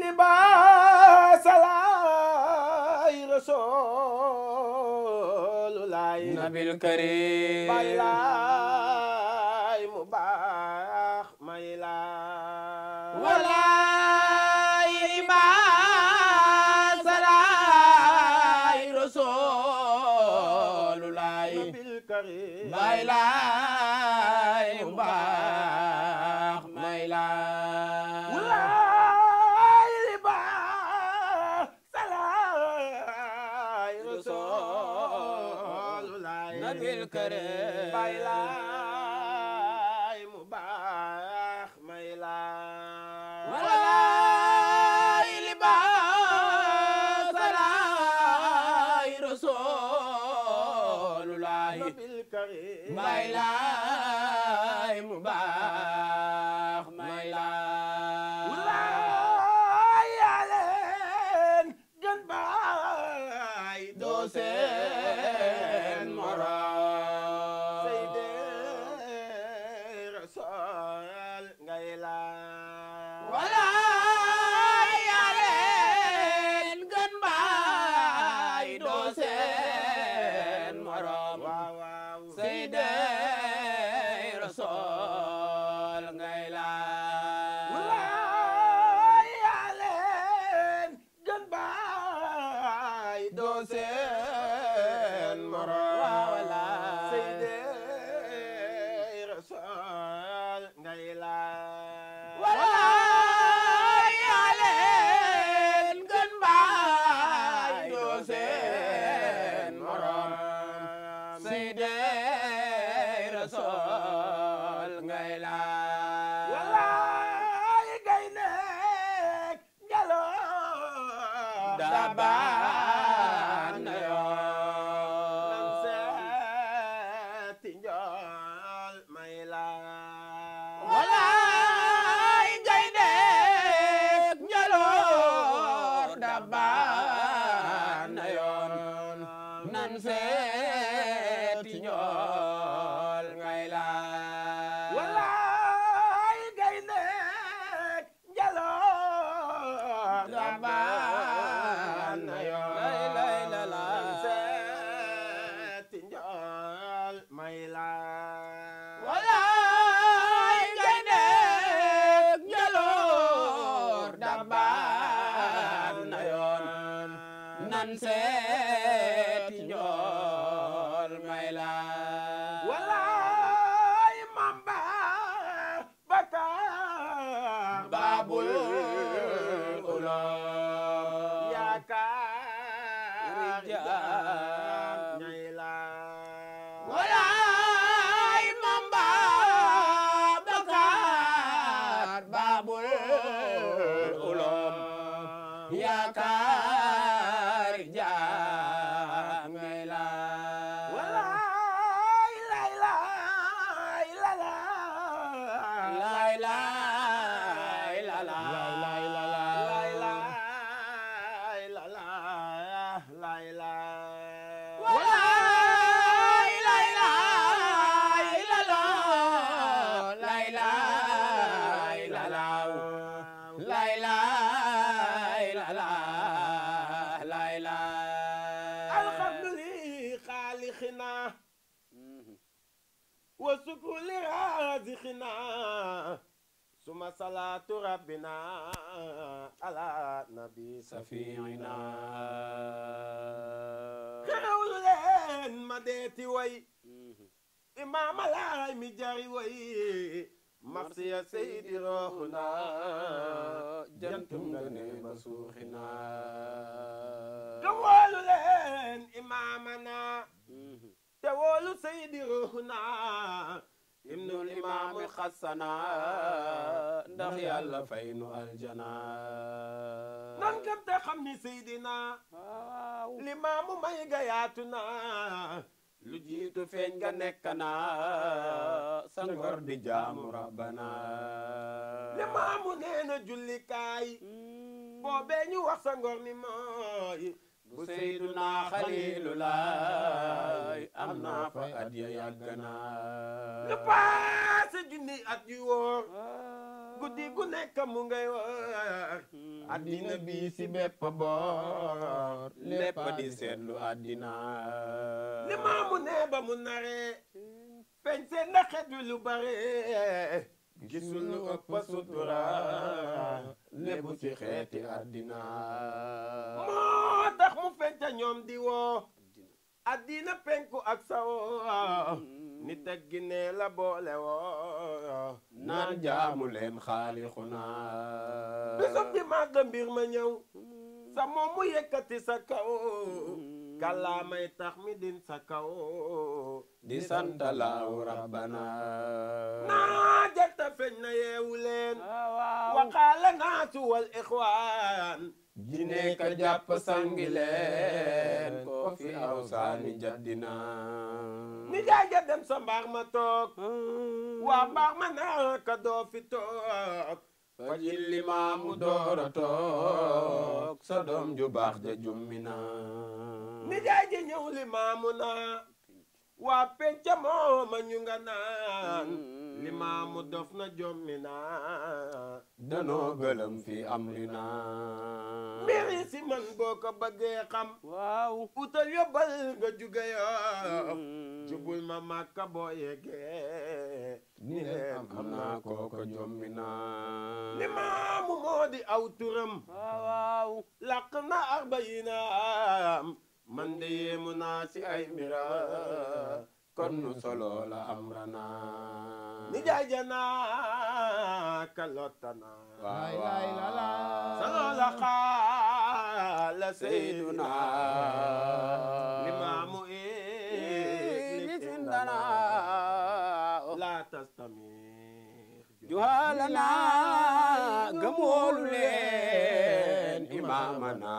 لباس لاي رسول الله نبي الكريم بلاي مباح ما يلا ولا لباس لاي رسول الله نبي الكريم بلاي مباح ما يلا bil kërëm bay laay mu baax may laay walaay li baax salaay rasulullaay bil kërëm bay laay mu baax day baba man seeti njool may la walaay mamba bata babul ulo yaakaar wa li raazixina suma salaatu rabbina ala nabi safiina xewlu leen ma way imaam alaay mi jari way mafsiya seydi rooxuna jantum nga ne ma suuxina xewlu te woolu saydi ruuxna ibnul imaamul xasana ndax yàlla fay nu aljana nan kat te xam ni seydina limaamu may ga yaatu lu jiitu feeñ nga nekk na sa ngor di jaamu rabbana limaamu nee na jullikaay hmm. boobee ñu wax sa ni mooy bu Seyduna Xaliilu laay am naa fa at ya yàgg lu paase junni at yu wóor guddi gu nekk mu ngay wóor addina bi si bépp boor lépp di seetlu addina li maamu ne ba mu naree feeñ seen na wi lu bare gisul lu ëpp sutura lépp ci xeeti addina ñoom di woo addina penku ak sawo mm-hmm. nit ak ginne la ma ñëw mm-hmm. sa moom mu sa kaw mm-hmm. kàllaamay tax din sa kaw di santalaaw rabbana naa jata feñ na yeewu leen ah, waqaala naasu wal ixwaan jine ka jàpp sangi leen fi aw saani ni jaay dem sa mbaax ma toog waa mbaax ma naa ka doo fi fa jilli maamu doora toog sa doom ju baax ja jummi ni jaay ja maamu naa waa penc mooma ñu nga naan limaamu dof na jommi naa fi am li naa mbiri si man boo ko bëggee xam waaw utal yóbbal nga juge yoo jubul ma màkka boo yeggee ni leen moo di aw turam waaw làq na arba yi naam man de yéemu naa ci ay mira kon solo la amrana ni jaajana kalottana waay waay la la solo la xaala sayduna limaamu iblitindana la tastamir juhalana gamoolu leen imaamana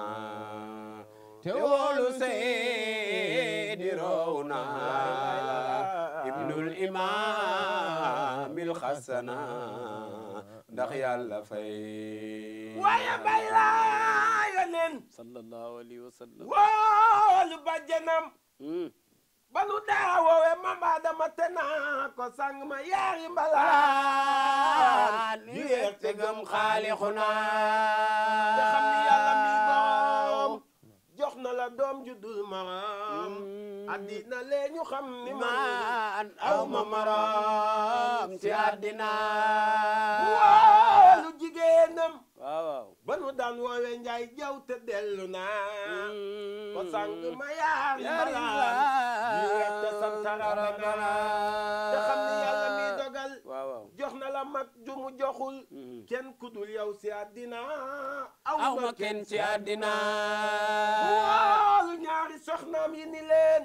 teewlu seydi rawna ibnul imaamil xasana ndax yàlla fay waaye bay laa yoneen sallallahu alayhi wa hmm. balu daa woowe mamba dama te naa ko sang ma yaari mbalaan ñu yeeg te gëm xaalixu naa maraam àddina lee xam ni man aw ma maraam ci àddina lu jigéenam ba nu daan woowe njaay jaw te dellu naa mm. ko sàng ma yaar maraam ñu wet te santara te jox na la mag jumu joxul mm-hmm. kenn ku dul yow ci àddina aw ma kenn ci àddina yi ni leen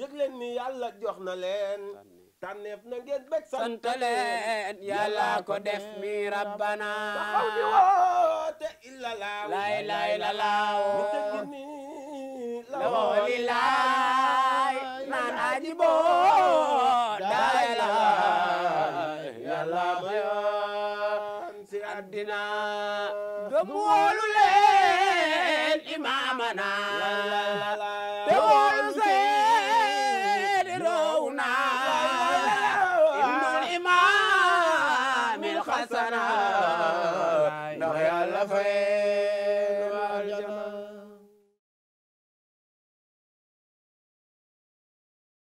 yëg ni yàlla jox na leen tànneef na ngeen bég sant leen yàlla ko def mi rabbana lay lay la laaw حسنات